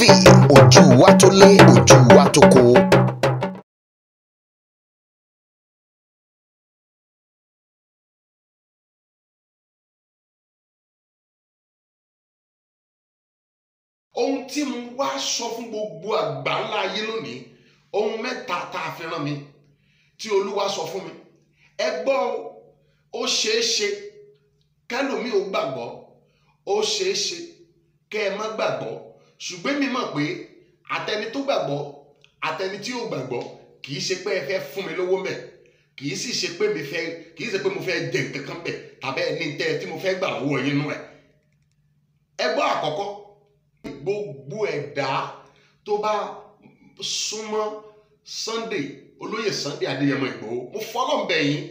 tv ojú wa tó lé ojú wa tó kó. ohun tí mo wá sọ fún gbogbo àgbáńlá ayé lónìí ohun mẹ́ta tá a fi rán mi tí olúwa sọ fún mi ẹ gbọ́ ó ṣeé ṣe kẹ́lòmíì ó gbàgbọ́ ó ṣeé ṣe kẹ́ ẹ má gbàgbọ́ ṣùgbọ́n mi mọ̀ pé àtẹni tó gbàgbọ́ àtẹni tí ò gbàgbọ́ kì í ṣe pé ẹ fẹ́ fún mi lówó mẹ́ kì í sì ṣe pé mi fẹ́ kì í ṣe pé mo fẹ́ jẹ nǹkan kan bẹ̀ tàbí ẹni tẹ́ tí mo fẹ́ gbà owó yín nú ẹ̀. ẹgbọ́n àkọ́kọ́ gbogbo ẹ̀dá tó bá súnmọ́ Sunday olóyè Sunday Adéyẹmọ Ìgbòho mo fọlọ́n bẹ̀ yín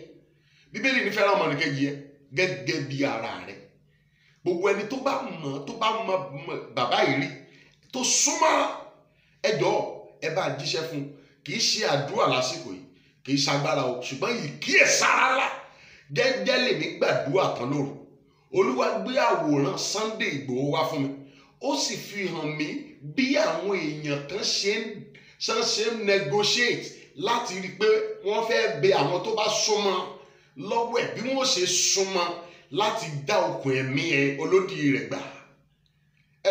bíbélì ní fẹ́ràn ọmọnìkejì yẹn gẹ́gẹ́ bí ara rẹ̀ gbogbo ẹni tó bá mọ̀ tó bá mọ̀ bàbá yìí rí tó súnmọ́ ẹjọ́ ẹ bá jíṣẹ́ fún kì í ṣe àdúrà lásìkò yìí kì í ṣagbára o ṣùgbọ́n yìí kíyèsára la jẹ́jẹ́ lèmi gbàdúrà tán lóru olúwa gbé àwòrán Sunday Ìgbòho wá fún mi ó sì fi hàn mí bí àwọn èèyàn kan ṣe ń ṣan ṣe ń negotiate láti rí i pé wọ́n fẹ́ bẹ àwọn tó bá súnmọ́ lọ́wọ́ ẹ̀ bí wọ́n ṣe súnmọ́ láti dá okùn ẹ̀mí ẹ olódì rẹ̀ gbà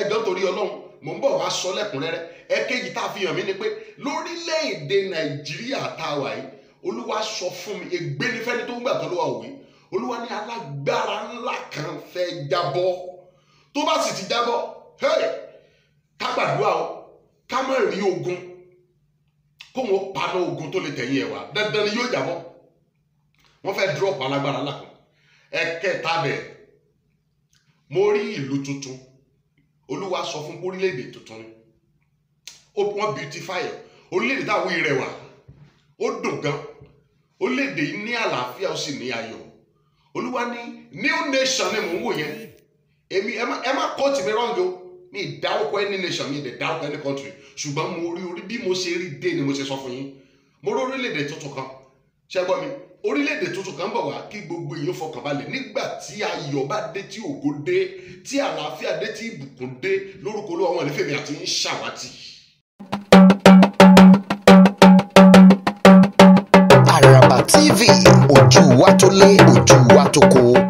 ẹjọ́ torí ọlọ́run mò ń bọ̀ wá sọ lẹ́kùnrẹ́rẹ́ ẹ̀kejì tá a fi hàn mí ni pé lórílẹ̀‐èdè nàìjíríà tá a wà yìí olúwa sọ fún mi ègbé ni fẹ́ni tó ń gbà tó ló wà wí olúwa ní alágbára ńlá kan fẹ́ jábọ́ tó bá sì ti jábọ́ ká gbàdúrà o ká má rí ogun kó wọn paná ogun tó lè tẹ̀yìn ẹ̀ wá dandan ni yóò jábọ́ wọ́n fẹ́ dúrọ́pù alágbára ńlá kan ẹ̀kẹta bẹ̀ mo rí ìlú tuntun olúwa sọ fún orílẹ̀-èdè tuntun ni wọ́n beautify ẹ̀ orílẹ̀-èdè táwọn ìrẹwà ó dùn gan orílẹ̀-èdè yìí ní àlàáfíà ó sì ní ayọ̀ olúwa ní new nation ni mò ń wò yẹn èmi ẹ má kóòtù mi rọ́ǹgì o mi ìdáwọ́kọ any nation mi ìdè dáwọ́kọ any country ṣùgbọ́n mo rí orí bí mo ṣe rí dé ni mo ṣe sọ fún yín mo rí orílẹ̀-èdè tuntun kan ṣẹ́gbọ́n mi orílẹ̀-èdè tuntun kan bọ̀ wá kí gbogbo èèyàn fọkànbalẹ̀ nígbà tí ayọ̀ bá dé tí ògo dé tí àlàáfíà dé tí ìbùkún dé lórúkọ olúwa wọn nífẹ̀ẹ́ àti ń ṣàwátì. Àràbà TV ojú wa tó lé ojú wa tó kó.